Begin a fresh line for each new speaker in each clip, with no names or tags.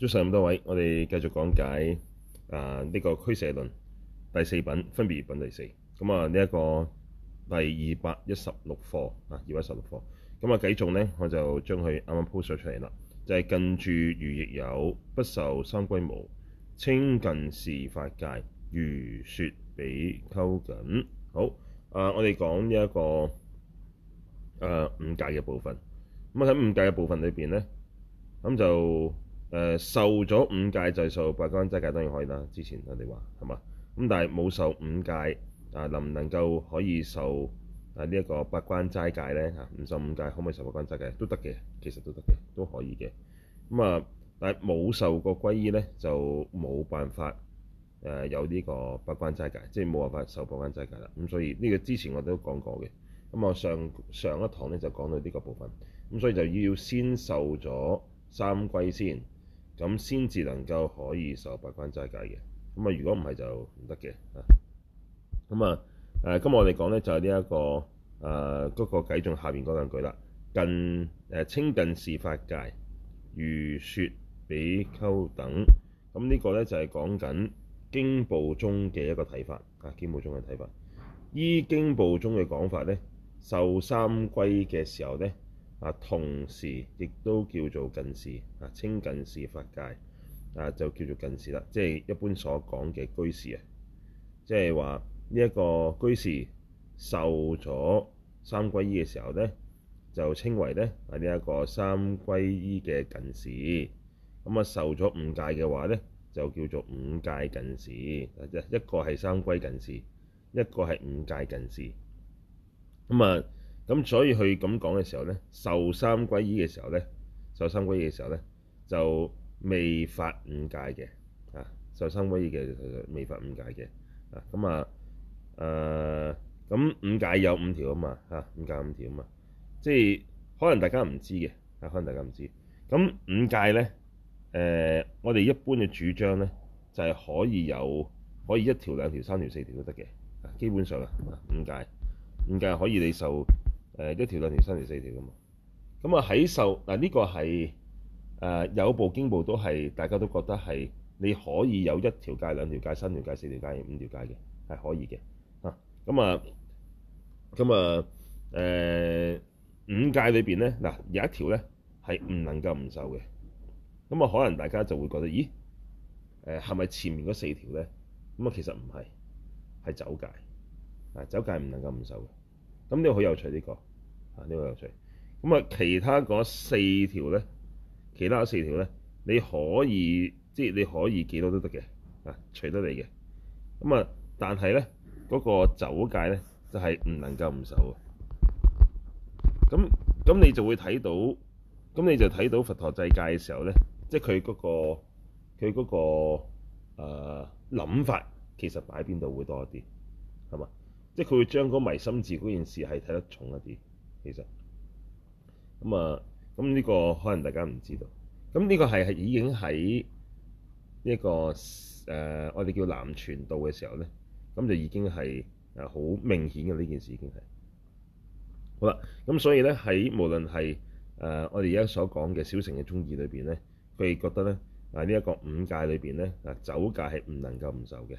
早晨咁多位，我哋繼續講解啊！呢、呃這個《俱舍論》第四品，分別業品第四咁、嗯這個、啊。嗯、呢一個第二百一十六課啊，二百一十六課咁啊。繼續咧？我就將佢啱啱 post 咗出嚟啦，就係、是、近住餘亦有，不受三歸無，稱近事發戒，說如苾芻等好啊、呃！我哋講呢一個誒、呃、五戒嘅部分咁啊。喺、嗯、五戒嘅部分裏邊咧，咁、嗯、就。誒、呃、受咗五戒就受八關齋戒，當然可以啦。之前我哋話係嘛咁，但係冇受五戒啊，能唔能夠可以受啊呢一個八關齋戒咧？嚇、啊，唔受五戒可唔可以受八關齋戒？都得嘅，其實都得嘅，都可以嘅。咁、嗯、啊，但係冇受過皈依咧，就冇辦法誒有呢個八關齋戒，即係冇辦法受八關齋戒啦。咁、嗯、所以呢個之前我都講過嘅。咁、嗯、我上上一堂咧就講到呢個部分，咁、嗯、所以就要先受咗三皈先。咁先至能夠可以受八關齋戒嘅，咁啊如果唔係就唔得嘅，啊，咁、這個、啊，誒，今日我哋講咧就係呢一個誒嗰個偈仲下邊嗰兩句啦，近誒、啊、稱近事發戒，說如苾芻等，咁、啊這個、呢個咧就係、是、講緊經部中嘅一個睇法，啊經部中嘅睇法，依經部中嘅講法咧，受三歸嘅時候咧。啊，同時亦都叫做近事啊，稱近事發戒啊，就叫做近事啦，即係一般所講嘅居士啊，即係話呢一個居士受咗三歸依嘅時候咧，就稱為咧啊呢一、這個三歸依嘅近事，咁、嗯、啊受咗五戒嘅話咧，就叫做五戒近事，一一個係三歸近事，一個係五戒近事，咁、嗯、啊。咁所以佢咁講嘅時候咧，受三歸依嘅時候咧，受三歸依嘅時候咧就未發五戒嘅啊！受三歸依嘅其實未發五戒嘅啊。咁啊誒，咁五戒有五條嘛啊嘛嚇，五戒五條嘛啊五五條嘛，即係可能大家唔知嘅啊，可能大家唔知。咁、啊、五戒咧誒，我哋一般嘅主張咧就係、是、可以有可以一條兩條三條四條都得嘅啊，基本上啊，五戒五戒可以你受。誒、嗯、一條兩條三條四條咁嘛。咁、嗯、啊喺受嗱呢個係誒、啊、有部經部都係大家都覺得係你可以有一條戒兩條戒三條戒四條戒五條戒嘅，係可以嘅嚇。咁啊咁啊誒、嗯啊嗯、五戒裏邊咧，嗱、啊、有一條咧係唔能夠唔受嘅。咁、嗯、啊，可能大家就會覺得，咦？誒係咪前面嗰四條咧？咁、嗯、啊，其實唔係，係酒戒啊，酒戒唔能夠唔受嘅。咁呢個好有趣，呢、這個。呢個有趣咁啊，其他嗰四條咧，其他四條咧，你可以即係你可以幾多都得嘅啊，隨得你嘅咁啊。但係咧，嗰、那個酒界酒戒咧，就係、是、唔能夠唔守嘅。咁、嗯、咁、嗯、你就會睇到，咁、嗯、你就睇到佛陀制戒嘅時候咧，即係佢嗰個佢嗰、那個誒諗、呃、法，其實擺邊度會多一啲係嘛？即係佢會將嗰迷心字嗰件事係睇得重一啲。其實咁啊，咁呢個可能大家唔知道。咁呢個係係已經喺呢、這個誒、呃，我哋叫南傳道嘅時候咧，咁就已經係誒好明顯嘅呢件事，已經係好啦。咁所以咧，喺無論係誒、呃、我哋而家所講嘅小城嘅中意裏邊咧，佢哋覺得咧啊，呢、這、一個五戒裏邊咧啊，酒戒係唔能夠唔受嘅。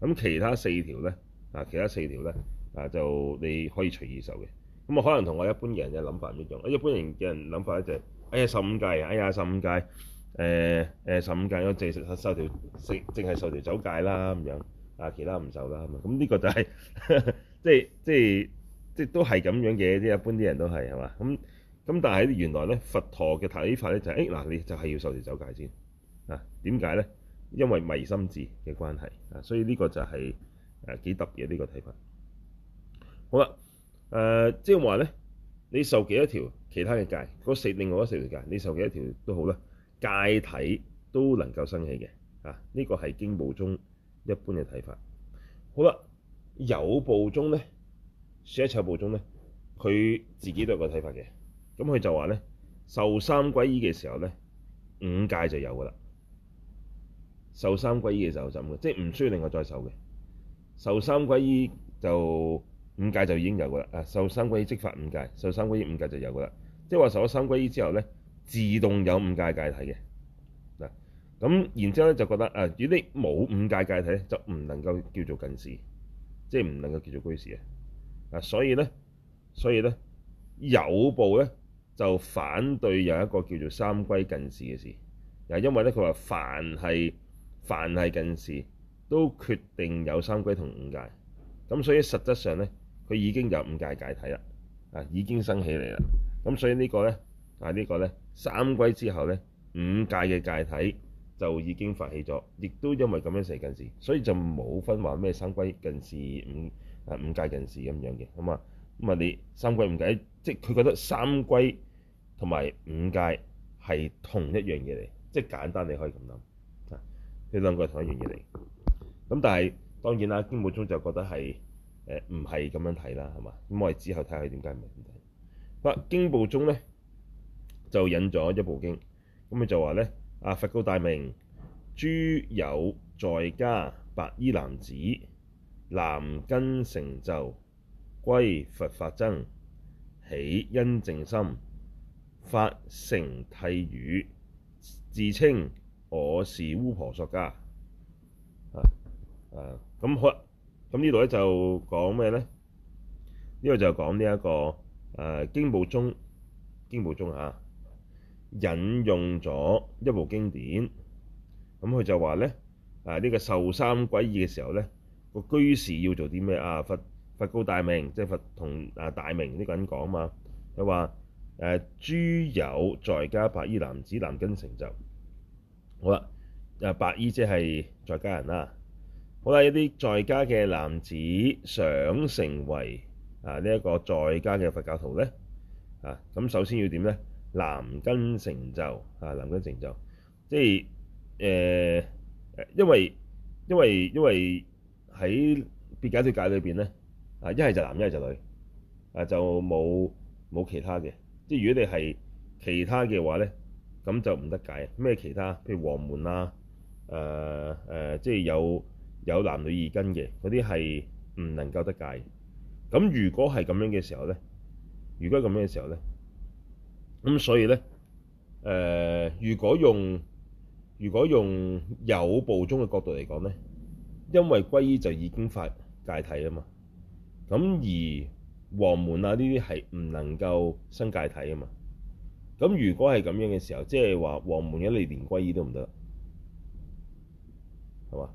咁其他四條咧啊，其他四條咧啊，就你可以隨意受嘅。咁啊，可能同我一般嘅人嘅諗法唔一樣。一般人嘅人諗法咧就係、是：哎呀，十五戒哎呀，十五戒，誒、呃、誒，十五戒，我淨係食十條，食淨係受條酒戒啦咁樣，啦、就是 樣就是哎。啊，其他唔受啦。咁呢個就係即係即係即係都係咁樣嘅，啲一般啲人都係係嘛。咁咁但係原來咧，佛陀嘅睇法咧就係：哎嗱，你就係要受條酒戒先啊？點解咧？因為迷心智嘅關係啊，所以呢個就係誒幾特別呢、呢個睇法。好啦。誒，即係話咧，你受幾多條其他嘅戒？嗰四另外嗰四條戒，你受幾多條都好啦，戒體都能夠生起嘅，啊，呢個係經部中一般嘅睇法。好啦，有部中咧，說一切有部中咧，佢自己都有個睇法嘅。咁佢就話咧，受三歸依嘅時候咧，五戒就有噶啦，受三歸依嘅時候就咁嘅，即係唔需要另外再受嘅，受三歸依就。五戒就已經有個啦，啊，受三皈即發五戒，受三皈依五戒就有個啦。即係話受咗三皈依之後咧，自動有五戒戒體嘅嗱。咁然之後咧就覺得啊、呃，如果你冇五戒戒體咧，就唔能夠叫做近事，即係唔能夠叫做居士。」啊。啊，所以咧，所以咧有部咧就反對有一個叫做三皈近事嘅事，又因為咧佢話凡係凡係近事都決定有三皈同五戒，咁所以實質上咧。佢已經有五戒戒體啦，啊，已經生起嚟啦。咁所以個呢個咧，啊、這個、呢個咧，三歸之後咧，五戒嘅戒體就已經發起咗，亦都因為咁樣成近事，所以就冇分話咩三歸近事，五啊五戒近事咁樣嘅。咁啊，咁啊，你三歸五戒，即係佢覺得三歸同埋五戒係同一樣嘢嚟，即係簡單你可以咁諗，啊，呢兩個係同一樣嘢嚟。咁但係當然啦，經部宗就覺得係。誒唔係咁樣睇啦，係嘛？咁我哋之後睇下佢點解唔係點睇。佛經部中咧就引咗一部經，咁佢就話咧啊，佛告大名，諸有在家白衣男子，男根成就，皈佛法僧，起殷淨心，發誠諦語，自稱我是鄔波索迦。啊啊，咁、嗯、好咁呢度咧就講咩咧？呢度就講呢一個誒經部中經部中嚇、啊、引用咗一部經典，咁、嗯、佢就話咧誒呢、啊這個受三皈依嘅時候咧，個居士要做啲咩啊？佛佛告大名，即係佛同啊大名呢個人講啊嘛，佢話誒諸有在家白衣男子，男根成就。好啦，誒、啊、白衣即係在家人啦。好啦，一啲在家嘅男子想成為啊呢一個在家嘅佛教徒咧啊，咁首先要點咧？男根成就啊，男根成就，即係誒、呃，因為因為因為喺別解脫界裏邊咧啊，一係就男，一係就女啊，就冇冇其他嘅。即係如果你係其他嘅話咧，咁就唔得解。咩其他？譬如黃門啊，誒、啊、誒、呃，即係有。有男女二根嘅嗰啲係唔能夠得戒嘅。咁如果係咁樣嘅時候咧，如果咁樣嘅時候咧，咁所以咧，誒、呃，如果用如果用有部宗嘅角度嚟講咧，因為歸依就已經發戒體啊嘛。咁而黃門啊呢啲係唔能夠生戒體啊嘛。咁如果係咁樣嘅時候，即係話黃門一、啊、嚟連歸依都唔得，係嘛？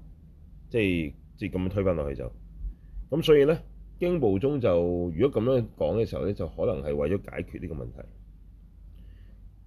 即係即係咁樣推翻落去就，咁所以咧經部宗就如果咁樣講嘅時候咧，就可能係為咗解決呢個問題。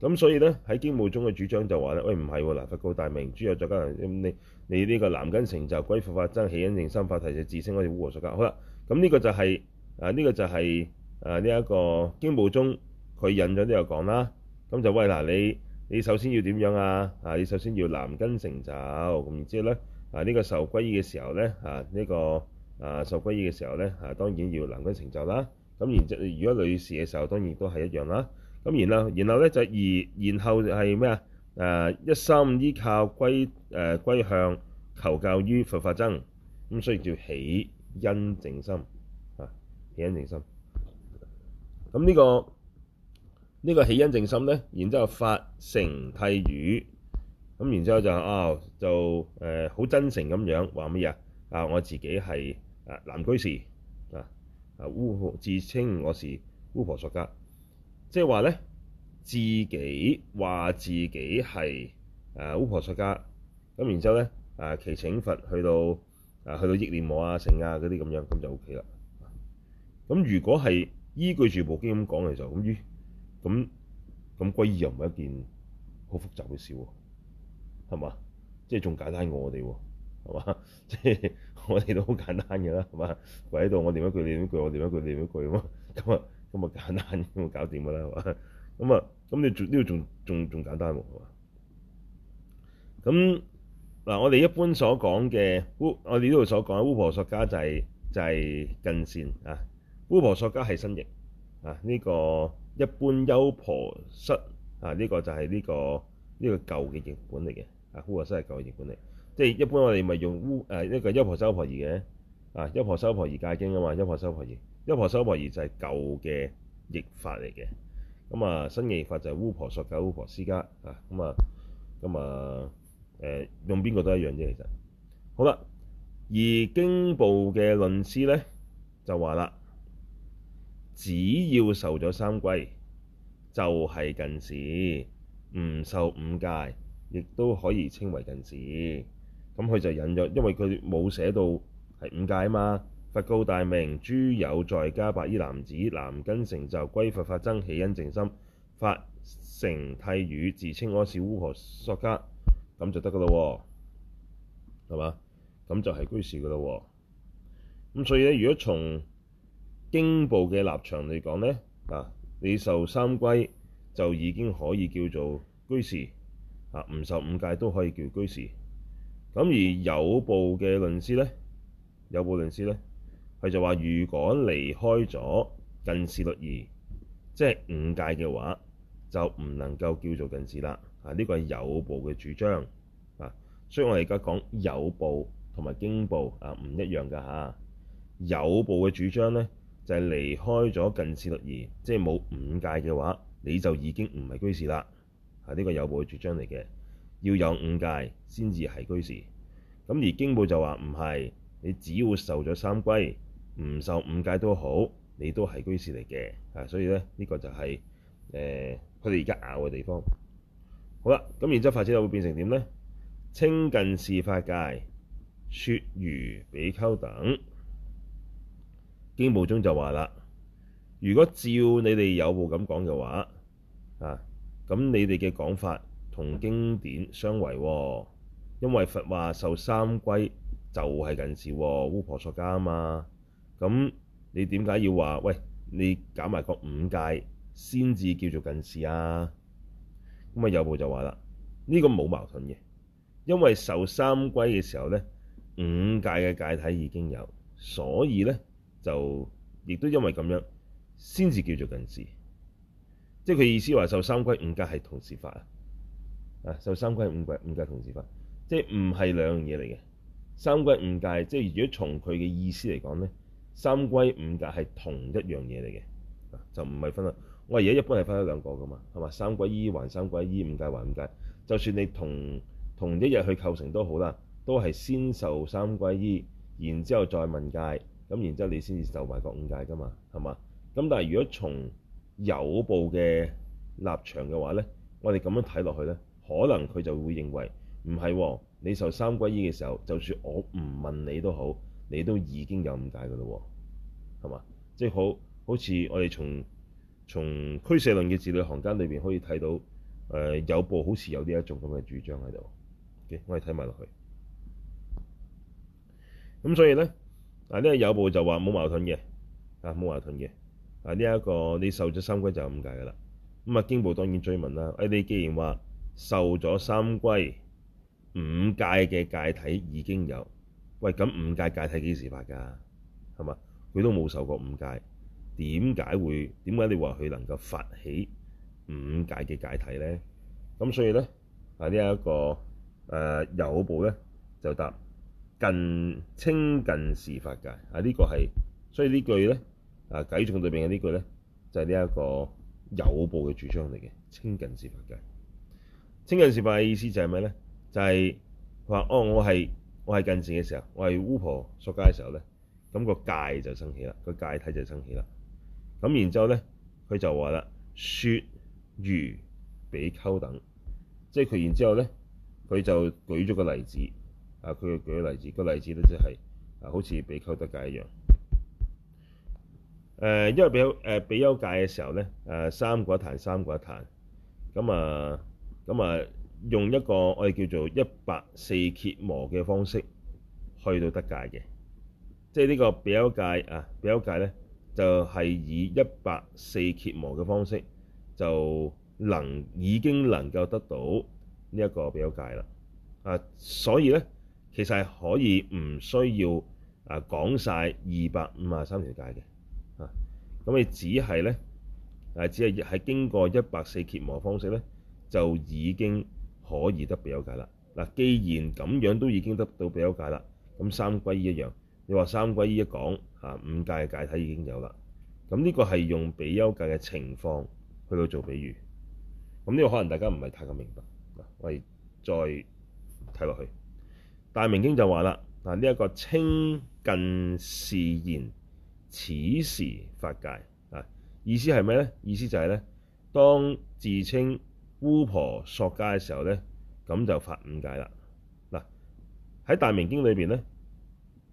咁所以咧喺經部宗嘅主張就話咧，喂唔係嗱，佛告大名，諸有在家人，咁你你呢個男根成就歸佛法僧，起殷淨心發誠諦語就自稱我是鄔波索迦。」好啦，咁、嗯、呢、這個就係啊呢個就係啊呢一個經、就、部、是呃這個就是呃、宗。佢引咗呢個講啦。咁就喂嗱，你你首先要點樣啊？啊，你首先要男根成就，咁然之後咧。啊！呢、這個、啊、受皈依嘅時候咧，啊呢個啊受皈依嘅時候咧，啊當然要男根成就啦。咁然之如果女士嘅時候，當然都係一樣啦。咁、啊、然後，然後咧就而，然後就係咩啊？誒一心依靠皈誒皈向求救於佛法僧，咁、啊、所以叫起殷淨心啊！起殷淨心。咁、啊、呢、這個呢、這個起殷淨心咧，然之後發誠諦語。咁然之後就啊，就誒好、呃、真誠咁樣話咩啊？啊，我自己係啊男居士啊，啊巫自稱我是鄔波索迦，即係話咧自己話自己係誒鄔波索迦。咁然之後咧啊，祈請佛去到啊，去到憶念我啊城啊嗰啲咁樣，咁就 O K 啦。咁、啊、如果係依據住《部經》咁講嚟就咁於咁咁歸依又唔係一件好複雜嘅事喎、啊。係嘛？即係仲簡單過我哋喎，係嘛？即係我哋都好簡單嘅啦，係嘛？跪喺度，我唸一句你唸一句，我唸一句你唸一句咁啊，咁啊簡單咁搞掂㗎啦，係嘛？咁啊，咁你做呢度仲仲仲簡單喎，係嘛？咁嗱，我哋一般所講嘅鄔，我哋呢度所講嘅鄔波索迦就係、是、就係、是、近事啊，鄔波索迦係新譯啊，呢、這個一般優婆塞，啊，呢、這個就係呢、這個呢、這個舊嘅譯本嚟嘅。優婆塞係舊嘅業管理，即係一般我哋咪用巫誒、呃、一個優婆塞婆夷嘅啊，優婆塞婆夷戒經啊嘛，優婆塞婆夷，優婆塞婆夷就係舊嘅譯法嚟嘅。咁啊，新嘅譯法就係鄔波索迦、鄔波斯迦。啊。咁啊，咁啊誒、啊呃，用邊個都一樣啫。其實好啦，而經部嘅論師咧就話啦，只要受咗三歸就係、是、近事，唔受五戒。亦都可以稱為近事，咁、嗯、佢就隱約，因為佢冇寫到係五戒嘛。佛告大名，諸有在家，白衣男子，男根成就，皈佛法僧，起殷淨心，發誠諦語，自稱我、哦、是鄔波索迦，咁就得噶啦喎，係嘛？咁就係居士噶啦喎。咁所以咧，如果從經部嘅立場嚟講咧，啊，你受三歸就已經可以叫做居士。啊，唔受五戒都可以叫居士。咁而有部嘅論師咧，有部論師咧，佢就話：如果離開咗近事律儀，即係五戒嘅話，就唔能夠叫做近事啦。啊，呢個係有部嘅主張。啊，所以我哋而家講有部同埋經部啊唔一樣㗎嚇。有部嘅主張咧，就係、是、離開咗近事律儀，即係冇五戒嘅話，你就已經唔係居士啦。係呢個有部嘅主張嚟嘅，要有五戒先至係居士。咁而經部就話唔係，你只要受咗三皈，唔受五戒都好，你都係居士嚟嘅。啊，所以咧呢、這個就係誒佢哋而家拗嘅地方。好啦，咁然之後發展又會變成點咧？稱近事發戒，説如苾芻等。經部中就話啦，如果照你哋有部咁講嘅話，啊。咁你哋嘅講法同經典相違喎。哦，因為佛話受三皈就係近事喎。哦，鄔波索迦啊嘛。咁你點解要話喂，你搞埋個五戒先至叫做近事啊？咁啊有部就話啦，呢、這個冇矛盾嘅，因為受三皈嘅時候咧，五戒嘅戒體已經有，所以咧就亦都因為咁樣先至叫做近事。即係佢意思話受三歸五戒係同時發啊，啊受三歸五戒五戒同時發，即係唔係兩樣嘢嚟嘅。三歸五戒，即係如果從佢嘅意思嚟講咧，三歸五戒係同一樣嘢嚟嘅，就唔係分啦。我而家一般係分咗兩個噶嘛，係嘛？三歸依還三歸依，五戒還五戒，就算你同同一日去構成都好啦，都係先受三歸依，然之後再問戒。咁然之後你先至受埋個五戒噶嘛，係嘛？咁但係如果從有部嘅立場嘅話咧，我哋咁樣睇落去咧，可能佢就會認為唔係、哦，你受三歸依嘅時候，就算我唔問你都好，你都已經有咁解噶啦、哦，係嘛？即、就、係、是、好好似我哋從從俱舍論嘅字裏行間裏邊可以睇到，誒、呃、有部好似有呢一種咁嘅主張喺度嘅，okay? 我哋睇埋落去。咁所以咧，嗱、這、呢個有部就話冇矛盾嘅，啊冇矛盾嘅。啊！呢、這、一個你受咗三歸就五戒㗎啦。咁啊，經部當然追問啦。誒、哎，你既然話受咗三歸五戒嘅戒體已經有，喂，咁五戒戒體幾時發㗎？係嘛？佢都冇受過五戒，點解會點解你話佢能夠發起五戒嘅戒體咧？咁所以咧，啊、這個、啊呢一個誒有部咧就答近稱近事發戒啊！呢、這個係所以句呢句咧。啊！偈眾對面嘅呢句咧，就係呢一個有部嘅主張嚟嘅，稱近事發戒，稱近事發戒嘅意思就係咩咧？就係佢話：哦，我係我係近事嘅時候，我係鄔波索迦嘅時候咧，咁、那個戒就生起啦，個戒體就生起啦。咁然之後咧，佢就話啦：說如比丘等，即係佢。然之後咧，佢就舉咗個例子。啊，佢嘅舉例子、這個例子咧、就是，即係啊，好似比丘得戒一樣。誒，因為比丘誒比丘戒嘅時候咧，誒三個一壇，三個一壇咁啊，咁啊，用一個我哋叫做白四羯磨嘅方式去到得戒嘅，即係呢個比丘戒啊，比丘戒咧就係、是、以白四羯磨嘅方式就能已經能夠得到呢一個比丘戒啦。啊，所以咧其實係可以唔需要啊講晒二百五十三條戒嘅。啊，咁你只係咧，啊只係喺經過一白四羯磨方式咧，就已經可以得比丘戒啦。嗱，既然咁樣都已經得到比丘戒啦，咁三歸一樣，你話三歸一講，啊五戒嘅戒體已經有啦。咁呢個係用比丘戒嘅情況去到做比喻，咁呢個可能大家唔係太咁明白，我哋再睇落去。大名經就話啦，嗱呢一個稱近事言，此時發戒，啊，意思係咩咧？意思就係、是、咧，當自稱鄔波索迦嘅時候咧，咁就發五戒啦。嗱喺《大名經》裏邊咧，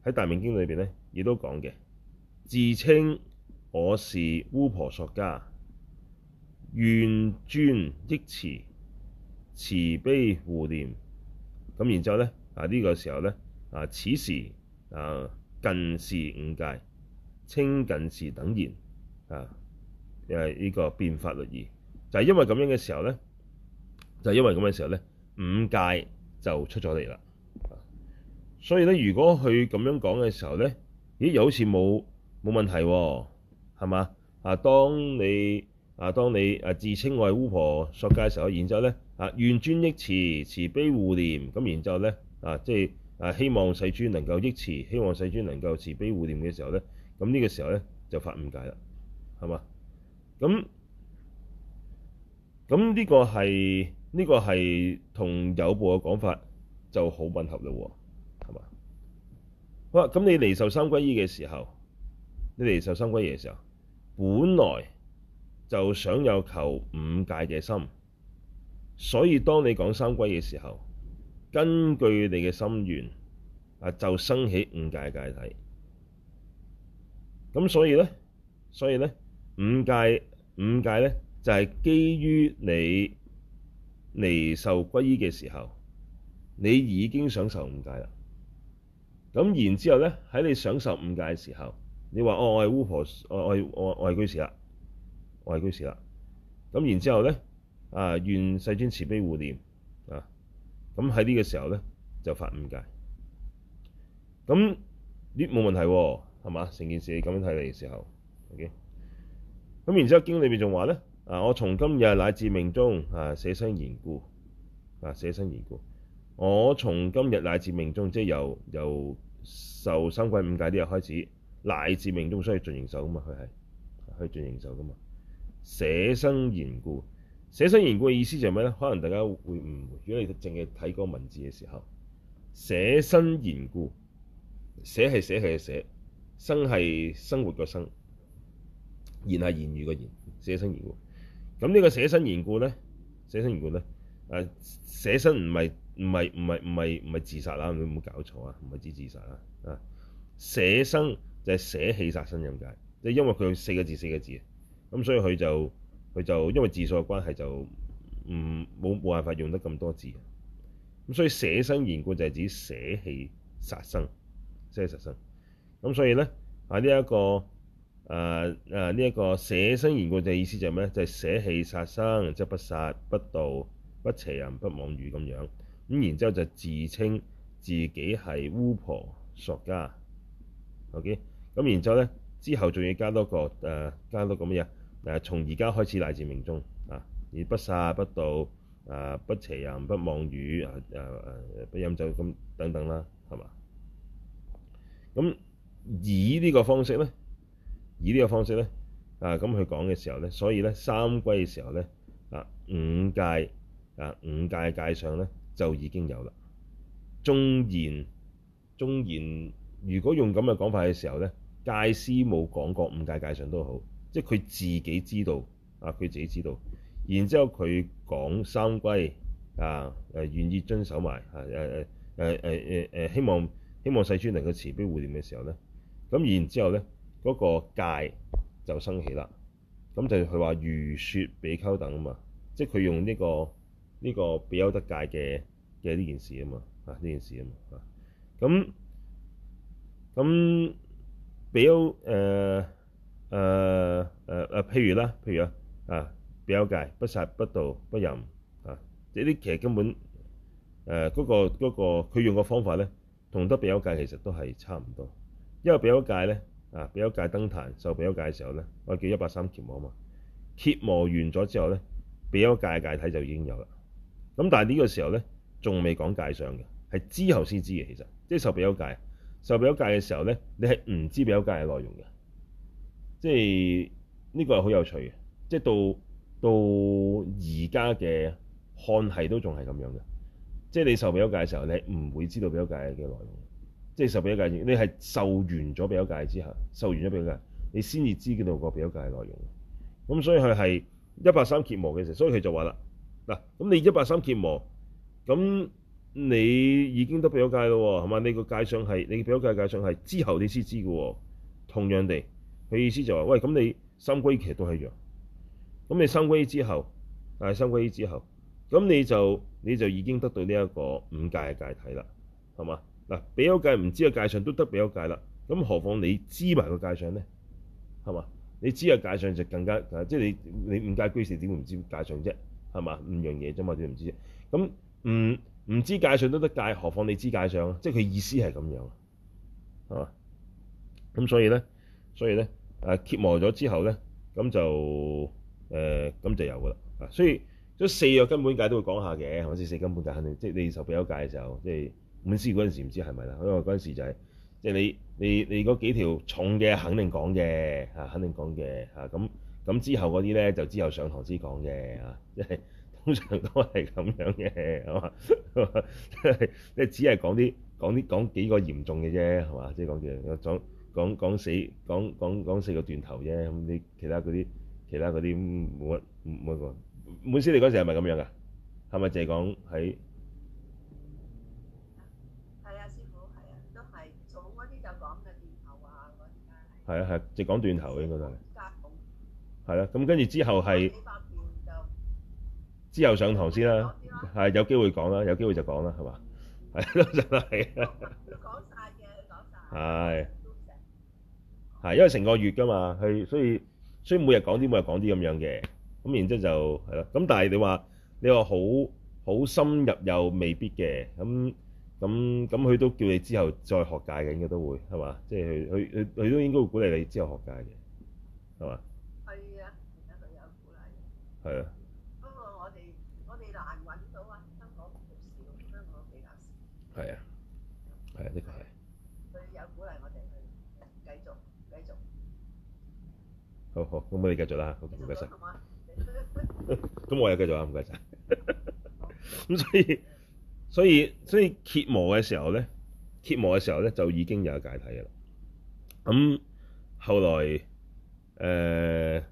喺《大名經》裏邊咧，亦都講嘅自稱我是鄔波索迦，願尊憶持慈悲護念咁，然之後咧啊呢個時候咧啊，此時啊近事五戒。稱近事等言啊，又、這、呢個便發律儀，就係、是、因為咁樣嘅時候咧，就係、是、因為咁嘅時候咧，五戒就出咗嚟啦。所以咧，如果佢咁樣講嘅時候咧，咦，又好似冇冇問題喎、哦，係嘛啊？當你啊當你啊自稱係鄔波索迦嘅時候，然之後咧啊願尊憶持慈悲護念咁，然之後咧啊即係啊希望世尊能夠憶持，希望世尊能夠慈悲護念嘅時候咧。咁呢個時候咧就發五戒啦，係嘛？咁咁呢個係呢、這個係同有部嘅講法就好吻合咯，係嘛？好啦，咁你嚟受三歸依嘅時候，你嚟受三歸依嘅時候，本來就想有求五戒嘅心，所以當你講三歸嘅時候，根據你嘅心願，啊，就生起五戒戒體。咁所以咧，所以咧，五戒五戒咧就係、是，基於你嚟受皈依嘅時候，你已經想受五戒啦。咁然之後咧，喺你想受五戒嘅時候，你話、哦、我係鄔波，我係我係居士啦，我係居士啦。咁然之後咧，啊願世尊慈悲護念啊。咁喺呢個時候咧，就發五戒。咁呢冇問題喎、啊。係嘛？成件事你咁樣睇嚟嘅時候，OK。咁然之後，經裡面仲話咧？啊，我從今日乃至命終啊，捨生言故啊，捨生言故。我從今日乃至命終，即係由由受三皈五戒呢日開始，乃至命終需要盡形壽啊嘛。佢係係盡形壽㗎嘛。捨生言故，捨生言故嘅意思就係咩咧？可能大家會誤會，如果你淨係睇嗰文字嘅時候，捨生言故，捨係捨係嘅生係生活個生，言係言語嘅言，捨生言故。咁呢個捨生言故咧，捨生言故咧，誒，捨生唔係唔係唔係唔係唔係自殺啦，你有冇搞錯啊？唔係指自殺啦，啊，捨生就係捨棄殺生咁解，即係因為佢有四個字四個字啊，咁所以佢就佢就因為字數嘅關係就唔冇冇辦法用得咁多字啊，咁所以捨生言故就係指捨棄殺生，即係殺生。咁所以咧，啊呢一個，誒誒呢一個捨生言故嘅意思就係咩？就係捨棄殺生，即係不殺不盜、不邪淫、不妄語咁樣。咁然之後就自稱自己係鄔波索迦，OK。咁然之後咧，之後仲要加多個誒、啊，加多個乜嘢？誒從而家開始乃至命終，啊，而不殺不盜、啊，不邪淫、不妄語啊啊啊不飲酒咁等等啦，係嘛？咁。以呢個方式咧，以呢個方式咧啊，咁佢講嘅時候咧，所以咧三歸嘅時候咧啊，五戒啊五戒界上咧就已經有啦。縱然，縱然，如果用咁嘅講法嘅時候咧，戒師冇講過五戒界上都好，即係佢自己知道啊，佢自己知道。然之後佢講三歸啊，誒願意遵守埋啊誒誒誒誒誒誒，希望希望世尊能夠慈悲護念嘅時候咧。咁然之後咧，嗰、那個戒就生起啦。咁就係佢話如說比丘等啊嘛，即係佢用呢個呢個比丘得戒嘅嘅呢件事、嗯嗯呃呃呃、啊嘛、呃呃呃、啊呢件事啊嘛嚇咁咁比丘誒誒誒誒，譬如啦，譬如啊啊比丘戒不殺、不盜、不淫啊，呢啲其實根本誒嗰、啊那個佢、啊啊、用嘅方法咧，同得比丘戒其實都係差唔多。因為比丘戒咧，啊比丘戒登壇受比丘戒嘅時候咧，我叫一白三羯磨啊嘛，羯磨完咗之後咧，比丘戒嘅戒體就已經有啦。咁但係呢個時候咧，仲未講戒相嘅，係之後先知嘅其實，即係受比丘戒，受比丘戒嘅時候咧，你係唔知比丘戒嘅內容嘅，即係呢個係好有趣嘅，即係到到而家嘅漢系都仲係咁樣嘅，即係你受比丘戒嘅時候，你係唔會知道比丘戒嘅內容。即係受比丘戒，你係受完咗比丘戒之後，受完咗比丘戒，你先至知到個比丘戒內容。咁所以佢係一白三羯磨嘅時候，所以佢就話啦：嗱，咁你一白三羯磨，咁你已經得比丘戒咯，係嘛？你個戒相係，你嘅比丘戒戒相係之後你先知嘅。同樣地，佢意思就話、是：喂，咁你三歸其實都係一樣。咁你三歸之後，但係三歸之後，咁你就你就已經得到呢一個五戒嘅戒體啦，係嘛？嗱，比丘戒唔知個戒相都得比丘戒啦，咁何況你知埋個戒相咧，係嘛？你知嘅戒相就更加，即係你你五戒居士點會唔知戒相啫？係嘛？五樣嘢啫嘛，點唔知啫？咁唔唔知戒相都得戒，何況你知戒相？即係佢意思係咁樣，係嘛？咁所以咧，所以咧，誒、啊，羯磨咗之後咧，咁就誒，咁、呃、就有㗎啦。所以都四個根本戒都會講下嘅，係咪先？四根本戒肯定，即係你受比丘戒嘅時候，即係。滿師嗰陣時唔知係咪啦，因為嗰陣時就係即係你你你嗰幾條重嘅肯定講嘅嚇，肯定講嘅嚇，咁咁之後嗰啲咧就之後上堂先講嘅嚇，即係通常都係咁樣嘅係嘛，即係即係只係講啲講啲講幾個嚴重嘅啫係嘛，即係講啲講講講死講講講四個斷頭啫，咁你其他嗰啲其他嗰啲冇乜冇乜講。滿師你嗰時係咪咁樣噶？係咪淨係講喺？係啊，係直講斷頭嘅應該都係。係啦，咁跟住之後係，之後上堂先啦，係有機會講啦，有機會就講啦，係、嗯、 嘛？係咯，真係。你講曬嘅，你講曬。係，係因為成個月噶嘛，係所以所以每日講啲，每日講啲咁樣嘅，咁然之後就係咯。咁但係你話你話好好深入又未必嘅咁。咁咁佢都叫你之後再學戒嘅，應該都會係嘛？即係佢佢佢佢都應該會鼓勵你之後學戒嘅，係嘛？係啊，而家佢有鼓勵。係啊。不過我哋我哋難揾到啊，香港少，香港比較少。係啊。係啊，呢個係。佢有鼓勵我哋去繼續繼續。好好，咁我哋繼續啦，唔該晒。咁我又繼續啦，唔該晒。咁所以。所以所以羯磨嘅時候咧，羯磨嘅時候咧就已經有戒體嘅啦。咁、嗯、後來誒誒、呃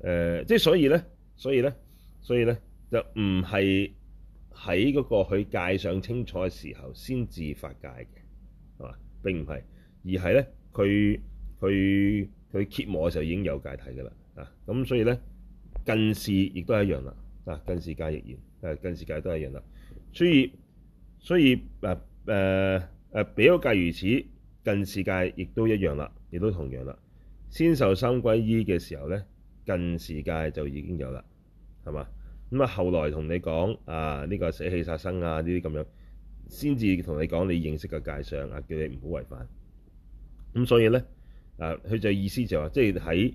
呃，即係所以咧，所以咧，所以咧就唔係喺嗰個佢戒相清楚嘅時候先至發戒嘅，係、嗯、嘛？並唔係，而係咧佢佢佢羯磨嘅時候已經有戒體嘅啦。啊、嗯，咁所以咧近事亦都係一樣啦。啊，近事戒亦然，誒、啊，近事戒都係一樣啦。啊。所以，所以嗱誒誒，比、呃、丘、呃呃、戒如此，近事戒亦都一樣啦，亦都同樣啦。先受三皈依嘅時候咧，近事戒就已經有啦，係嘛？咁、嗯、啊，後來同你講啊，呢、這個捨棄殺生啊，呢啲咁樣，先至同你講你認識嘅戒相啊，叫你唔好違反。咁、嗯、所以咧，誒、啊，佢就意思就話、是，即係喺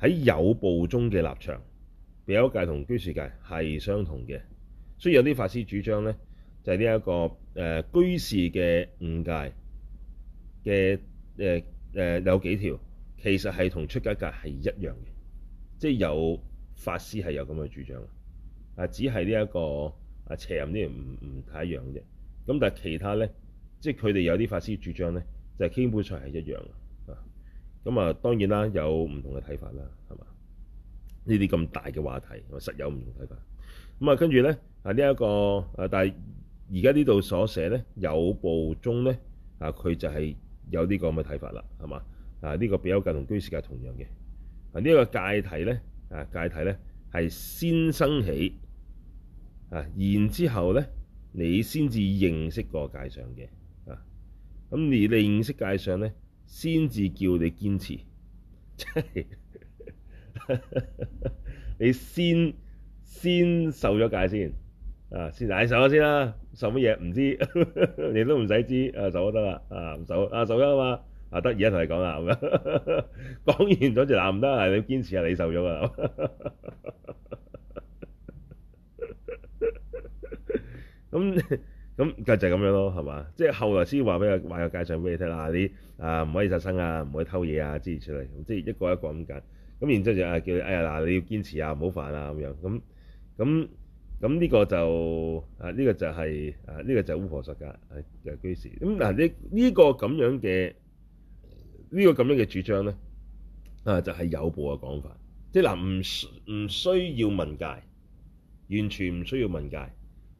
喺有部中嘅立場，比丘戒同居士戒係相同嘅。所以有啲法師主張咧，就係呢一個誒、呃、居士嘅五戒嘅誒誒有幾條，其實係同出家戒係一樣嘅，即係有法師係有咁嘅主張啊，只係呢一個啊邪淫啲樣唔唔太一樣嘅。咁但係其他咧，即係佢哋有啲法師主張咧，就基、係、本上係一樣啊，咁啊當然啦，有唔同嘅睇法啦，係嘛？呢啲咁大嘅話題，我實有唔同睇法。咁啊，跟住咧啊，呢、這、一個啊，但係而家呢度所寫咧，有部宗咧啊，佢就係有呢個咁嘅睇法啦，係嘛？啊，呢個比丘界同居士界，比丘戒同居士戒同樣嘅啊，這個、呢一個戒體咧啊，戒體咧係先生起啊，然之後咧你先至認識個戒相嘅啊，咁你認識戒相咧先至叫你堅持，即 係你先。先受咗戒先，啊，先挨受咗先啦，受乜嘢唔知，你都唔使知，啊，受都得啦，啊唔受啊受一啊嘛，啊得而家同你講啊咁樣，講完咗就嗱唔得啊，你要堅持啊你受咗啊，咁咁就就咁樣咯，係嘛，即係後來先話俾個戒相介紹俾你聽，嗱你啊唔可以殺生啊，唔可以偷嘢啊，之出嚟，即係一個一個咁緊，咁然之後就啊叫你，哎呀嗱你要堅持啊，唔好犯啊咁樣，咁。咁咁呢個就是、啊，呢、這個就係啊，呢、啊這個就巫婆索噶鄔波索迦啊嘅居士咁嗱，呢呢個咁樣嘅呢個咁樣嘅主張咧啊，就係、是、有部嘅講法，即係嗱，唔、啊、唔需要問戒，完全唔需要問戒。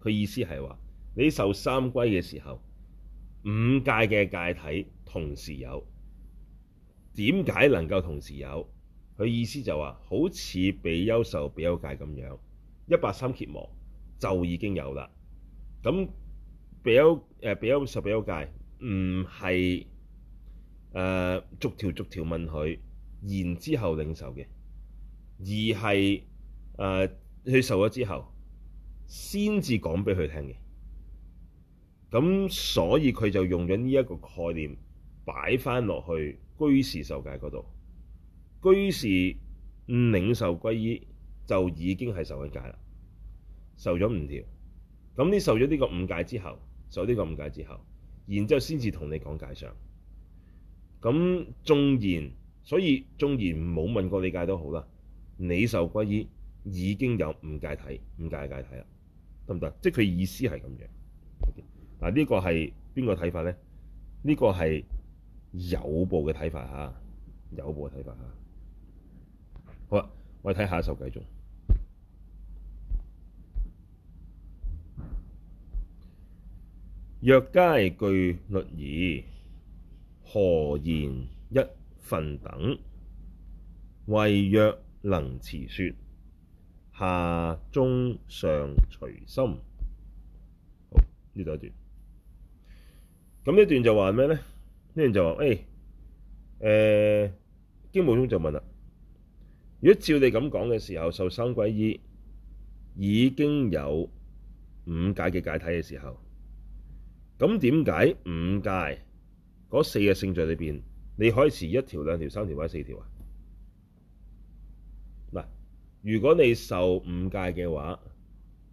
佢意思係話你受三歸嘅時候，五戒嘅戒體同時有，點解能夠同時有？佢意思就話、是、好似比丘受比丘戒咁樣。一白三羯磨就已經有啦。咁比丘誒，比丘受、呃、比丘戒，唔係誒逐條逐條問佢，然之後領受嘅，而係誒佢受咗之後先至講俾佢聽嘅。咁所以佢就用咗呢一個概念擺翻落去居士受戒嗰度，居士領受皈依。就已經係受咗戒啦，受咗五條，咁你受咗呢個五戒之後，受呢個五戒之後，然之後先至同你講戒相。咁縱然所以縱然冇問過你戒都好啦，你受皈依已經有五戒體，五戒嘅戒體啦，得唔得？即係佢意思係咁樣。嗱、這個、呢、這個係邊個睇法咧？呢個係有部嘅睇法吓，有部嘅睇法吓。好啦，我哋睇下一首繼續。若皆具律儀，何言一分等？謂約能持說，下中上隨心。好，呢段咁一段就話咩咧？呢段就話誒誒，經部宗就問啦，如果照你咁講嘅時候，受三皈依已經有五戒嘅戒體嘅時候？咁點解五戒嗰四個性罪裏邊，你可以持一條兩條三條或者四條啊？嗱，如果你受五戒嘅話，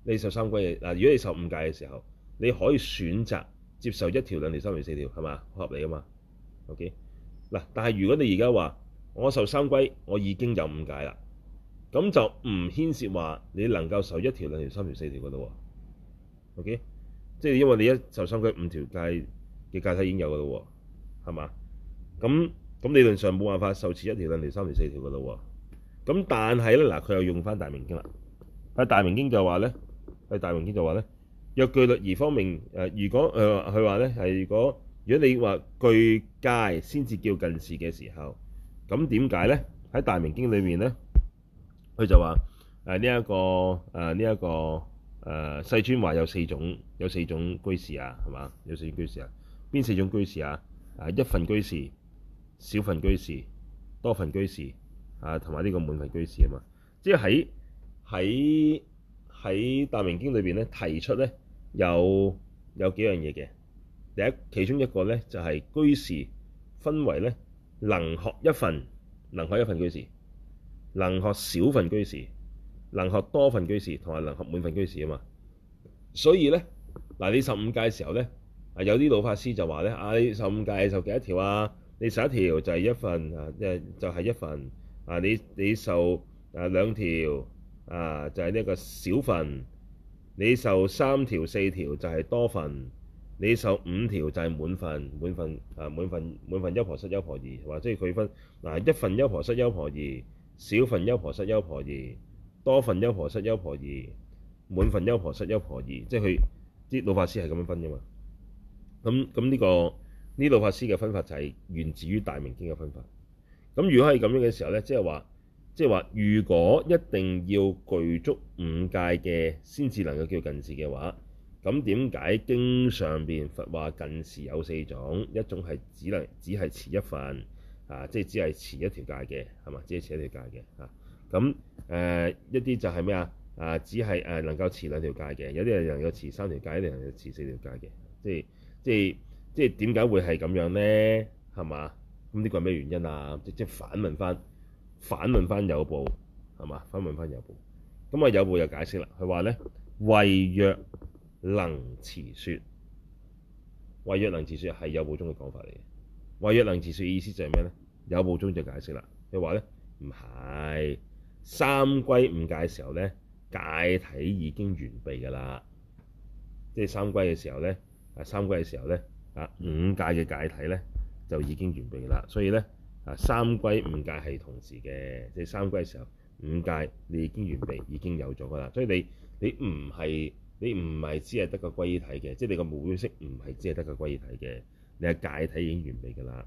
你受三歸嘅嗱，如果你受五戒嘅時候，你可以選擇接受一條兩條三條四條，係咪？好合理啊嘛，OK？嗱，但係如果你而家話我受三歸，我已經有五戒啦，咁就唔牽涉話你能夠受一條兩條三條四條嗰度喎，OK？即係因為你一受三皈佢五條戒嘅戒體已經有嘅咯喎，係嘛？咁咁理論上冇辦法受持一條兩條三條四條嘅咯喎。咁但係咧嗱，佢又用返《大名經》啦。喺《大名經》就話咧，喺《大名經》就話咧，若據律儀方面，誒、呃、如果誒佢話咧係如果，如果你話據戒先至叫近事嘅時候，咁點解咧？喺《大名經裡呢》裏面咧，佢就話誒呢一個誒呢一個。呃這個誒世尊話有四種，有四種居士啊，係嘛？有四種居士啊，邊四種居士啊？誒一份居士、少份居士、多份居士啊，同埋呢個滿份居士啊嘛。即係喺喺喺《大名經》裏邊咧，提出咧有有幾樣嘢嘅。第一，其中一個咧就係、是、居士分為咧能學一份、能學一份居士、能學少份居士。能學多份居士同埋能學滿份居士啊嘛，所以咧嗱，你十五戒嘅時候咧，啊有啲老法師就話咧啊，你十五戒受幾多條啊？你十一條就係一份啊，即就係、是、一份啊。你你受啊兩條啊，就係、是、呢個少份。你受三條四條就係多份。你受五條就係滿份滿份啊，滿份滿份。優、啊、婆室、優婆夷或者佢分嗱、啊、一份優婆室、優婆夷，少份優婆室、優婆夷，多份優婆塞、優婆夷，滿份優婆塞、優婆夷，即係佢啲老法師係咁樣分㗎嘛。咁咁呢個呢老法師嘅分法就係源自於大名經嘅分法。咁如果係咁樣嘅時候咧，即係話，即係話，如果一定要具足五戒嘅先至能夠叫近事嘅話，咁點解經上邊佛話近事有四種？一種係只能只係持一份，啊，即係只係持一條戒嘅，係嘛？只係持一條戒嘅啊。咁誒、呃、一啲就係咩啊？誒、呃、只係誒、呃、能夠持兩條戒嘅，有啲人有持三條戒，有啲人有持四條戒嘅。即係即係即係點解會係咁樣咧？係嘛？咁呢個係咩原因啊？即即反問翻反問翻有部係嘛？反問翻有部咁啊？反問有部又解釋啦。佢話咧，謂約能持說，謂約能持說係有部中嘅講法嚟嘅。謂約能持說意思就係咩咧？有部中就解釋啦。佢話咧，唔係。三歸五戒嘅時候咧，戒體已經完備㗎啦。即係三歸嘅時候咧，啊三歸嘅時候咧，啊五戒嘅戒體咧就已經完備啦。所以咧啊，三歸五戒係同時嘅，即係三歸嘅時候，五戒你已經完備，已經有咗㗎啦。所以你你唔係你唔係只係得個歸體嘅，即係你個五戒唔係只係得個歸體嘅，你係戒體已經完備㗎啦。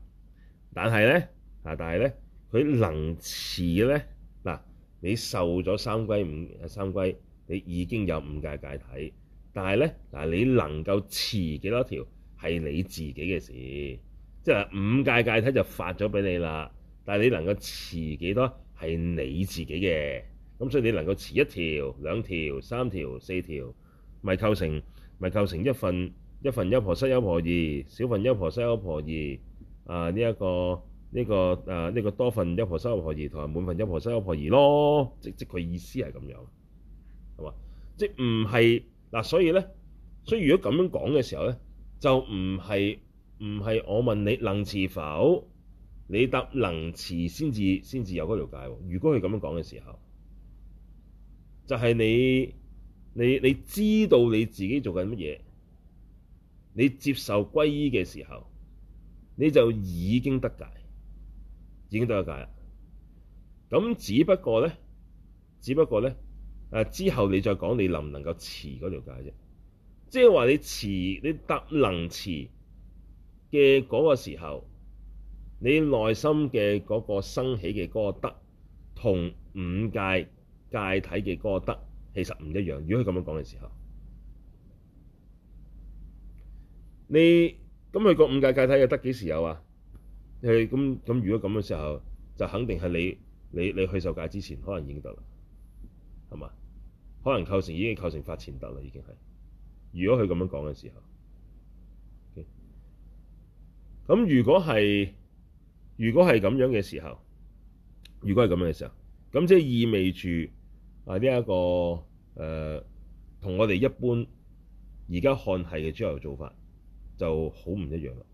但係咧啊，但係咧，佢能持咧嗱。你受咗三歸五三歸，你已經有五戒戒體，但係呢，嗱，你能夠持幾多條係你自己嘅事，即係五戒戒體就發咗俾你啦。但係你能夠持幾多係你自己嘅，咁所以你能夠持一條、兩條、三條、四條，咪構成咪構成一分一分優婆塞優婆夷、少分優婆塞優婆夷，啊呢一、這個。呢、這個誒，呢、啊這個多分優婆塞優婆夷同埋滿分優婆塞優婆夷咯，即即佢意思係咁樣，係嘛？即唔係嗱，所以咧，所以如果咁樣講嘅時候咧，就唔係唔係我問你能持否，你答能持先至先至有嗰條戒。如果佢咁樣講嘅時候，就係你你、就是、你，你，你知道你自己做緊乜嘢，你接受皈依嘅時候，你就已經得戒。已經都有戒啦，咁只不過咧，只不過咧，誒、啊、之後你再講你能唔能夠持嗰條戒啫，即係話你持你得能持嘅嗰個時候，你內心嘅嗰個生起嘅嗰德，同五戒戒體嘅嗰德其實唔一樣。如果佢咁樣講嘅時候，你咁佢個五戒戒體嘅德幾時有啊？誒咁咁，如果咁嘅時候，就肯定係你你你去受戒之前可可，可能已經得啦，係嘛？可能構成已經構成發前得啦，已經係。如果佢咁樣講嘅時候，咁、okay? 如果係如果係咁樣嘅時候，如果係咁樣嘅時候，咁即係意味住啊呢一個誒，同、呃、我哋一般而家看係嘅主流做法就好唔一樣啦。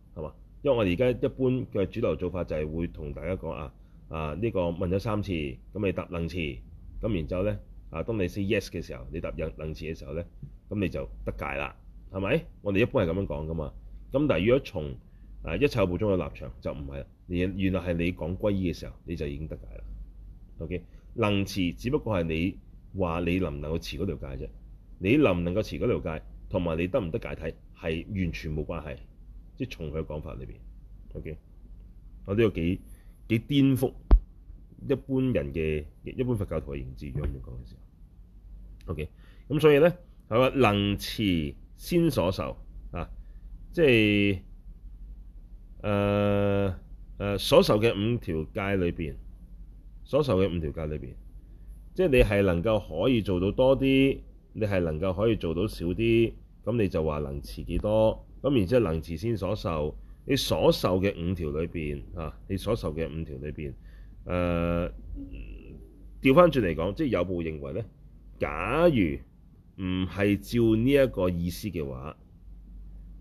因為我哋而家一般嘅主流做法就係會同大家講啊啊，呢個問咗三次，咁你答能持，咁然之後咧啊，當你 say yes 嘅時候，你答有能持嘅時候咧，咁你就得戒啦，係咪？我哋一般係咁樣講噶嘛。咁但係如果從啊一切有部宗嘅立場，就唔係啦。原原來係你講歸依嘅時候，你就已經得戒啦。OK. 能持只不過係你話你能唔能夠持嗰條戒啫。你能唔能夠持嗰條戒，同埋你得唔得戒體係完全冇關係。即係從佢嘅講法裏邊，OK，我都有幾幾顛覆一般人嘅一般佛教徒嘅認知。如果咁講嘅時候，OK，咁所以咧係話能持先所受啊，即係誒誒所受嘅五條戒裏邊，所受嘅五條戒裏邊，即係你係能夠可以做到多啲，你係能夠可以做到少啲，咁你就話能持幾多？咁，然之後能持先所受，你所受嘅五條裏邊啊，你所受嘅五條裏邊，誒調翻轉嚟講，即係有部認為咧，假如唔係照呢一個意思嘅話，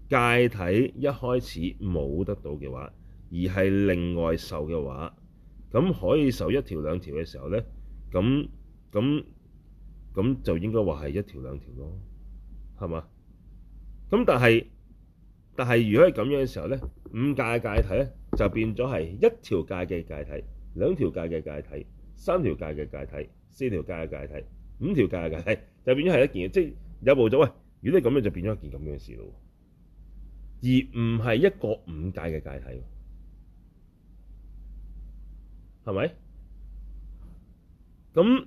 戒體一開始冇得到嘅話，而係另外受嘅話，咁可以受一條兩條嘅時候咧，咁咁咁就應該話係一條兩條咯，係嘛？咁但係。但係如果係咁樣嘅時候咧，五戒嘅戒體咧就變咗係一條戒嘅戒體、兩條戒嘅戒體、三條戒嘅戒體、四條戒嘅戒體、五條戒嘅戒體，就變咗係一件，即係有無咗？喂，如果你咁樣，就變咗一件咁樣嘅事咯，而唔係一個五戒嘅戒體，係咪？咁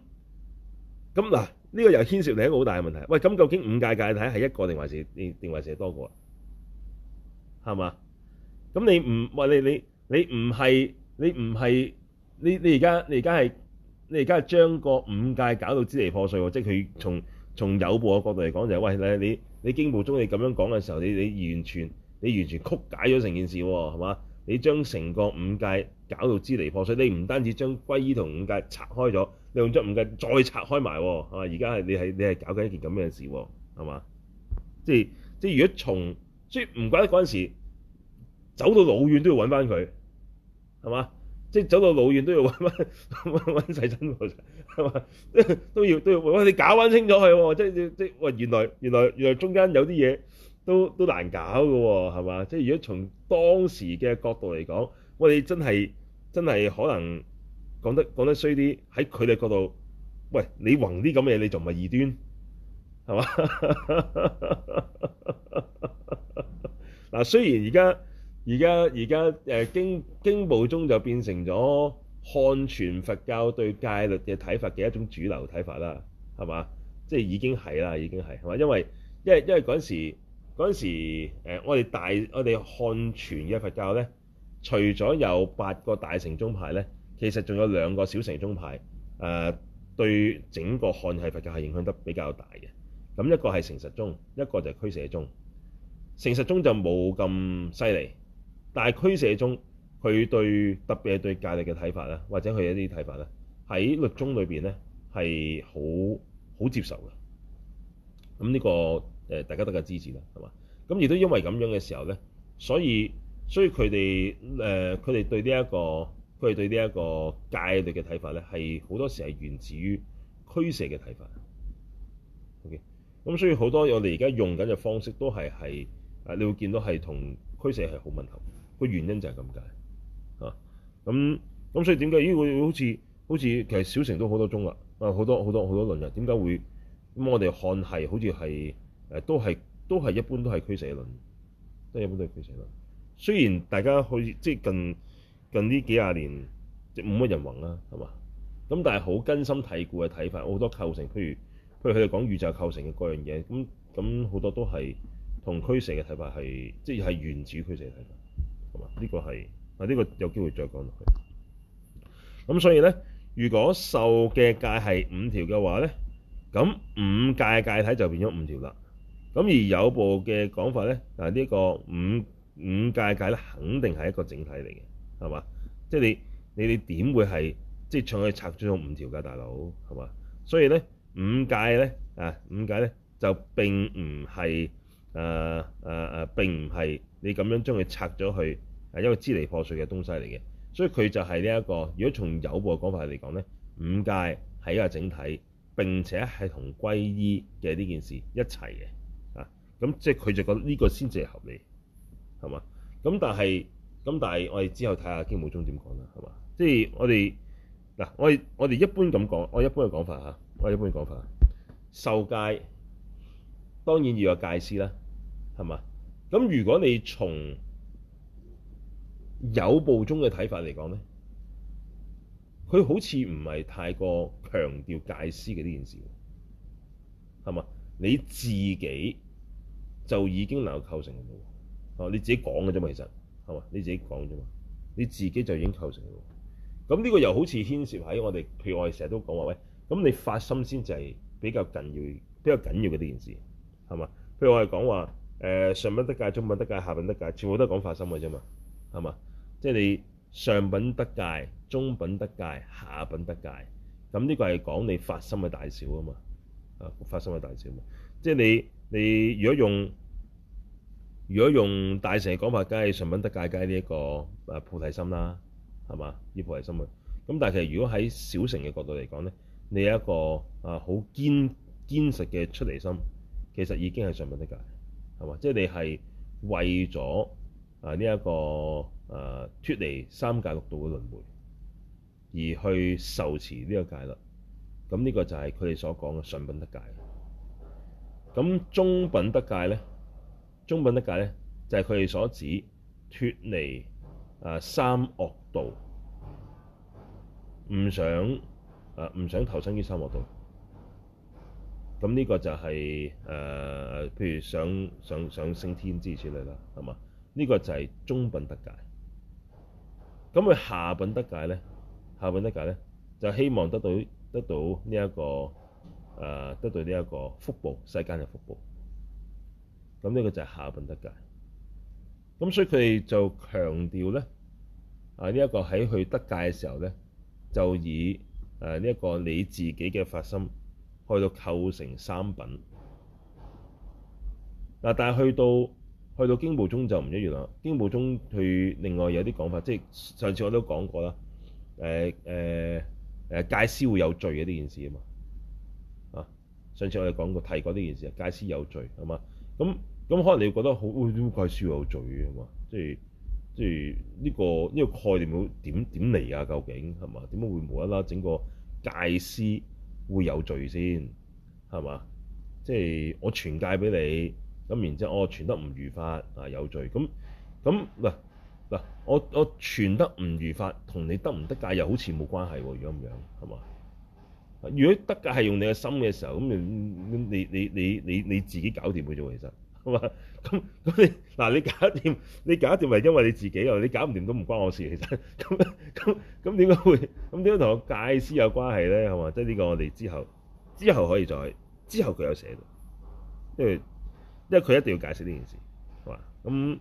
咁嗱，呢個又牽涉你一個好大嘅問題。喂，咁究竟五戒戒體係一個定還是定定還是多個？係嘛？咁你唔，喂你你你唔係你唔係你你而家你而家係你而家係將個五戒搞到支離破碎喎！即係佢從從有部嘅角度嚟講，就是，就係，喂你你你你經部中你咁樣講嘅時候，你你完全你完全曲解咗成件事喎，係嘛？你將成個五戒搞到支離破碎，你唔單止將歸依同五戒拆開咗，你仲將五戒再拆開埋喎，係嘛？而家係你係你係搞緊一件咁樣嘅事喎，係嘛？即係即係如果從即唔怪得嗰陣時走到老遠都要揾翻佢，係嘛？即係走到老遠都要揾翻揾揾細真佢，係嘛？都要都要喂你搞揾清楚佢，即係即係喂原來原來原來中間有啲嘢都都難搞嘅喎，係嘛？即係如果從當時嘅角度嚟講，喂你真係真係可能講得講得衰啲，喺佢哋角度，喂你橫啲咁嘅嘢，你仲唔係異端。係嘛？嗱， 雖然而家而家而家誒經經部宗就變成咗漢傳佛教對戒律嘅睇法嘅一種主流睇法啦，係嘛？即係已經係啦，已經係，係嘛？因為因為因為嗰陣時嗰陣時誒，我哋大我哋漢傳嘅佛教咧，除咗有八個大乘宗派咧，其實仲有兩個小乘宗派誒、呃，對整個漢系佛教係影響得比較大嘅。咁一個係成實宗，一個就係俱舍宗。成實宗就冇咁犀利，但係俱舍宗，佢對特別係對戒律嘅睇法咧，或者佢一啲睇法咧，喺律宗裏邊咧係好好接受嘅。咁呢個誒大家都嘅支持啦，係嘛？咁亦都因為咁樣嘅時候咧，所以所以佢哋誒佢哋對呢、這、一個佢哋對呢一個戒律嘅睇法咧，係好多時係源自於俱舍嘅睇法。O.K. 咁、嗯、所以好多我哋而家用緊嘅方式都係係誒，你會見到係同俱舍係好吻合。原個原因就係咁解嚇。咁、啊、咁所以點解？咦，會好似好似其實小城都好多宗啦，啊多多多好多好多好多論啊。點解會咁？我哋看係好似係誒，都係都係一般都係俱舍論，都一般都係俱舍論。雖然大家去即係近近呢幾廿年即冇乜人弘啦、啊，係嘛？咁但係好根深蒂固嘅睇法，好多構成，譬如。佢哋講宇宙構成嘅各樣嘢，咁咁好多都係同俱舍嘅睇法係，即、就、係、是、原子構成嘅睇法，係嘛？呢、這個係啊，呢、這個有機會再講落去。咁所以咧，如果受嘅戒係五條嘅話咧，咁五戒戒體就變咗五條啦。咁而有部嘅講法咧，啊呢、這個五五戒戒咧，肯定係一個整體嚟嘅，係嘛？即係你你你點會係即係上去拆咗五條㗎，大佬係嘛？所以咧。五戒咧啊？五戒咧？就並唔係誒誒誒，並唔係你咁樣將佢拆咗去啊，一個支離破碎嘅東西嚟嘅。所以佢就係呢一個。如果從有部嘅講法嚟講咧，五戒係一個整體，並且係同歸依嘅呢件事一齊嘅啊。咁即係佢就覺得呢個先至係合理，係嘛？咁但係咁但係、啊，我哋之後睇下經武中點講啦，係嘛？即係我哋嗱，我哋我哋一般咁講，我一般嘅講法嚇。我一般嘅講法，受戒當然要有戒師啦，係嘛？咁如果你從有部宗嘅睇法嚟講咧，佢好似唔係太過強調戒師嘅呢件事，係嘛？你自己就已經能夠構成嘅喎，哦，你自己講嘅啫嘛，其實係嘛？你自己講啫嘛，你自己就已經構成嘅喎。咁呢個又好似牽涉喺我哋，譬如我哋成日都講話，喂。咁你發心先就係比較重要、比較緊要嘅呢件事，係嘛？譬如我哋講話誒上品得戒、中品得戒、下品得戒，全部都係講發心嘅啫嘛，係嘛？即係你上品得戒、中品得戒、下品得戒，咁呢個係講你發心嘅大小啊嘛，啊發心嘅大小嘛。即係你你如果用如果用大成嘅講法，梗係上品得戒，梗係呢一個誒菩提心啦，係嘛，呢菩提心啊。咁但係其實如果喺小城嘅角度嚟講咧。你一個啊好堅堅實嘅出離心，其實已經係上品得戒，係嘛？即係你係為咗啊呢一個啊脫離三界六道嘅輪迴而去受持呢個戒律，咁呢個就係佢哋所講嘅上品得戒。咁中品得戒咧，中品得戒咧就係佢哋所指脫離啊三惡道，唔想。誒唔、啊、想投身於三惡道，咁呢個就係、是、誒、呃，譬如想想想升天之類嚟啦，係嘛？呢、這個就係中品得戒。咁佢下品得戒咧，下品得戒咧就希望得到得到呢一個誒，得到呢、這、一、個呃、個福報，世間嘅福報。咁呢個就係下品得戒。咁所以佢哋就強調咧，啊呢一、這個喺去得戒嘅時候咧，就以。誒，呢一個你自己嘅發心去到構成三品嗱、啊，但係去到去到經部宗就唔一樣啦。經部宗佢另外有啲講法，即係上次我都講過啦。誒誒誒，戒師會有罪嘅呢件事啊嘛，啊，上次我哋講過提過呢件事啊，戒師有罪係嘛？咁咁可能你會覺得好點解戒師有罪啊嘛，即係。即係呢個呢個概念會點點嚟啊？究竟係嘛？點解會無啦啦整個戒師會有罪先係嘛？即係我傳戒俾你，咁然之後我傳，哦，得唔如法啊有罪咁咁，嗱嗱我我傳得唔如法同你得唔得戒又好似冇關係喎，如果咁樣係嘛？如果得戒係用你嘅心嘅時候，咁你你你你你自己搞掂佢啫其實。咁咁你嗱你搞掂，你搞掂咪因為你自己啊！你搞唔掂都唔關我事，其實咁咁咁點解會，咁點解同戒師有關係咧？係嘛？即係呢個我哋之後之後可以再之後佢有寫到，因為因為佢一定要解釋呢件事，係嘛？咁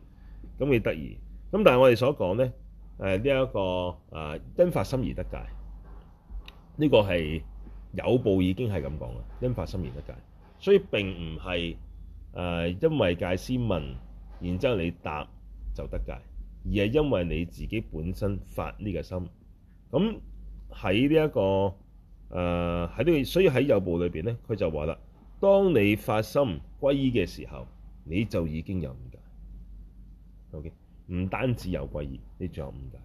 咁幾得意。咁但係我哋所講咧，誒呢一個誒因發心而得戒，呢個係有部已經係咁講啦，因發心而得戒、這個，所以並唔係。誒、呃，因為戒師問，然之後你答就得戒，而係因為你自己本身發呢個心。咁喺呢一個誒，喺、呃、呢、這個，所以喺有部裏邊咧，佢就話啦：當你發心皈依嘅時候，你就已經有五戒。O.K.，唔單止有皈依，你仲有五戒。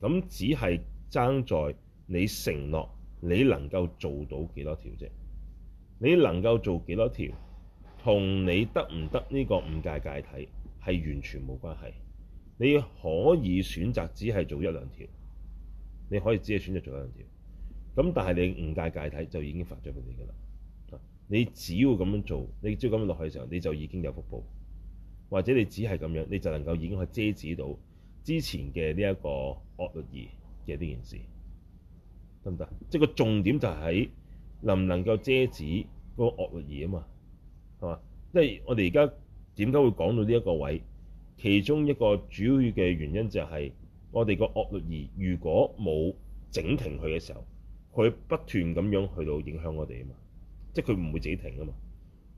咁、嗯、只係爭在你承諾你，你能夠做到幾多條啫？你能夠做幾多條？同你得唔得呢個五戒戒體係完全冇關係。你可以選擇只係做一兩條，你可以只係選擇做一兩條。咁但係你五戒戒體就已經發咗俾你㗎啦。你只要咁樣做，你只要咁樣落去嘅時候，你就已經有福報，或者你只係咁樣，你就能夠已經係遮止到之前嘅呢一個惡律儀嘅呢件事，得唔得？即係個重點就喺能唔能夠遮止嗰個惡律儀啊嘛。即係我哋而家點解會講到呢一個位？其中一個主要嘅原因就係我哋個惡律儀，如果冇整停佢嘅時候，佢不斷咁樣去到影響我哋啊嘛。即係佢唔會自己停啊嘛。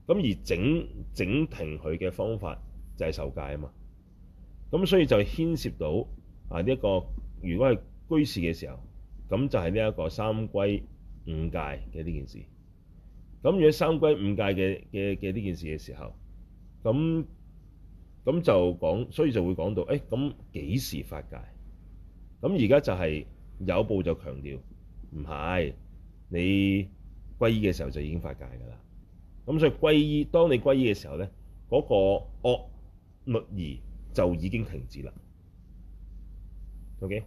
咁而整整停佢嘅方法就係受戒啊嘛。咁所以就牽涉到啊呢一個，如果係居士嘅時候，咁就係呢一個三皈五戒嘅呢件事。咁如果三歸五戒嘅嘅嘅呢件事嘅時候，咁咁就講，所以就會講到誒咁幾時發戒？咁而家就係有部就強調唔係你歸依嘅時候就已經發戒㗎啦。咁所以歸依，當你歸依嘅時候咧，嗰、那個惡律儀就已經停止啦。O.K.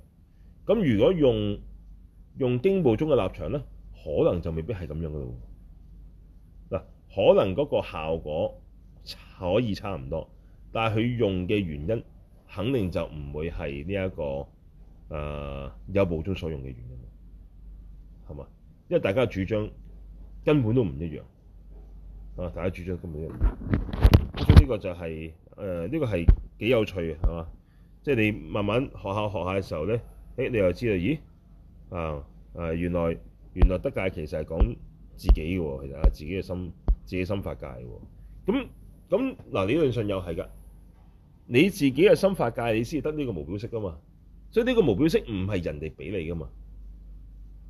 咁如果用用經部中嘅立場咧，可能就未必係咁樣㗎咯。可能嗰個效果可以差唔多，但係佢用嘅原因肯定就唔會係呢一個誒、呃、有部宗所用嘅原因，係嘛？因為大家嘅主張根本都唔一樣啊！大家主張根本都唔一樣啊，所以呢個就係誒，呢個係幾有趣嘅，係嘛？即係、就是、你慢慢學下學下嘅時候咧，誒、欸、你又知道，咦啊，啊原來原來德界其實係講自己嘅，其實係自己嘅心。借心法界喎，咁咁嗱，理論上又係㗎，你自己嘅心法界，你先得呢個無表色㗎嘛，所以呢個無表色唔係人哋俾你㗎嘛，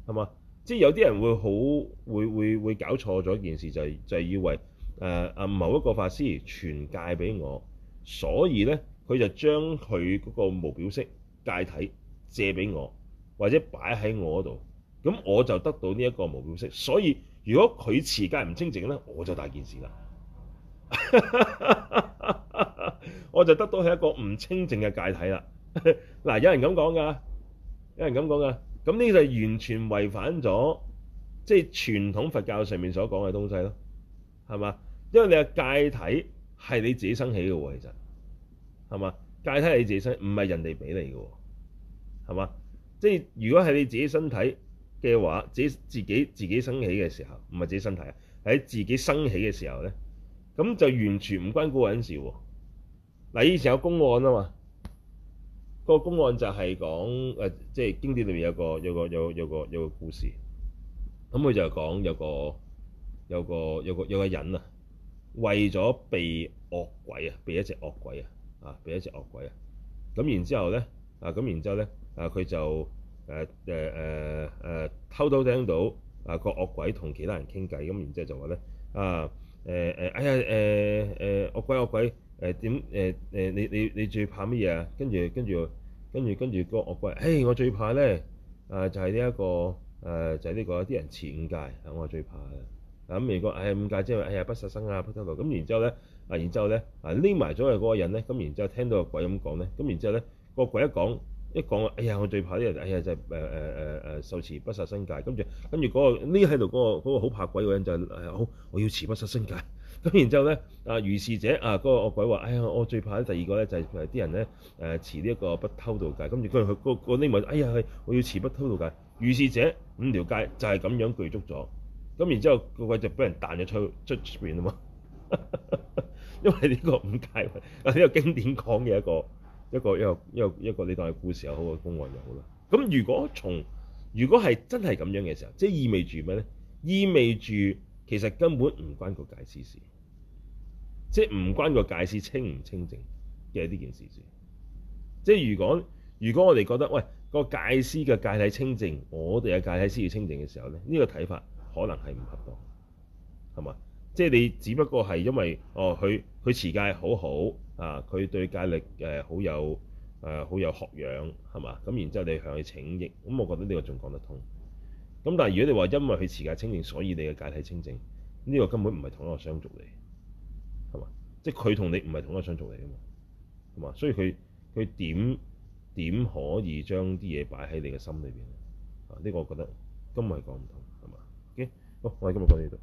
係嘛？即係有啲人會好會會會搞錯咗一件事，就係就係以為誒啊某一個法師傳戒俾我，所以咧佢就將佢嗰個無表色戒體借俾我，或者擺喺我度，咁我就得到呢一個無表色，所以。如果佢持戒唔清淨咧，我就大件事啦， 我就得到係一個唔清淨嘅戒體啦。嗱， 有人咁講噶，有人咁講噶。咁呢個就完全違反咗即係傳統佛教上面所講嘅東西咯，係嘛？因為你嘅戒體係你自己生起嘅喎，其實係嘛？戒體係你自己生，唔係人哋俾你嘅喎，係嘛？即係如果係你自己身體嘅話，自己自己自己生起嘅時候，唔係自己身體啊，喺自己生起嘅時候咧，咁就完全唔關嗰個人事喎。嗱，以前有公案啊嘛，個公案就係講誒，即係經典裏面有個有個有有個有個故事，咁佢就講有個有個有個有個人啊，為咗被惡鬼啊，被一隻惡鬼啊，啊，避一隻惡鬼啊，咁然之後咧，啊，咁然之後咧，啊，佢就。誒誒誒誒偷偷聽到啊，個惡鬼同其他人傾偈，咁然之後就話咧啊誒誒哎呀誒誒惡鬼惡鬼誒點誒誒你你你最怕乜嘢啊？跟住跟住跟住跟住個惡鬼，嘿我最怕咧啊就係呢一個誒就係呢個啲人前五戒啊，我最怕嘅。咁如果誒五戒即係誒不殺生啊，不偷盜，咁然之後咧啊然之後咧啊匿埋咗嘅嗰個人咧，咁然之後聽到個鬼咁講咧，咁問題問題 dele 然之後咧個鬼一講。一講啊，哎呀，我最怕呢、這、人、個，哎呀，就係誒誒誒誒，受持不殺生戒。跟住，跟住嗰匿喺度嗰個好、那個、怕鬼嗰人就係誒好，我要持不殺生戒。咁然之後咧，啊如是者啊，嗰、那個惡鬼話：哎呀，我最怕咧，第二個咧就係、是、啲人咧誒持呢一、呃、個不偷盜戒。跟住佢佢嗰嗰匿埋，哎呀，係我要持不偷盜戒。如是者五條戒就係咁樣具足咗。咁然之後個鬼就俾人彈咗出去出出邊啊嘛， 因為呢個五戒呢、這個經典講嘅一個。一個一個一個一個，一個一個一個你當係故事又好，好，個公案又好啦。咁如果從，如果係真係咁樣嘅時候，即係意味住咩咧？意味住其實根本唔關個戒師事，事，即係唔關個戒師清唔清淨嘅呢件事事。即係如果如果我哋覺得喂，個戒師嘅戒體清淨，我哋嘅戒體需要清淨嘅時候咧，呢、這個睇法可能係唔合當，係嘛？即係你只不過係因為哦，佢、呃、佢持戒好好。啊！佢對戒力誒、呃、好有誒、呃、好有學養係嘛？咁然之後你向佢請益，咁我覺得呢個仲講得通。咁但係如果你話因為佢持戒清淨，所以你嘅戒體清淨，呢、這個根本唔係同一個相續嚟，係嘛？即係佢同你唔係同一個相續嚟啊嘛，係嘛？所以佢佢點點可以將啲嘢擺喺你嘅心裏邊啊？呢、這個我覺得根本係講唔通，係嘛？嘅、okay. 哦，我哋今日講到呢度。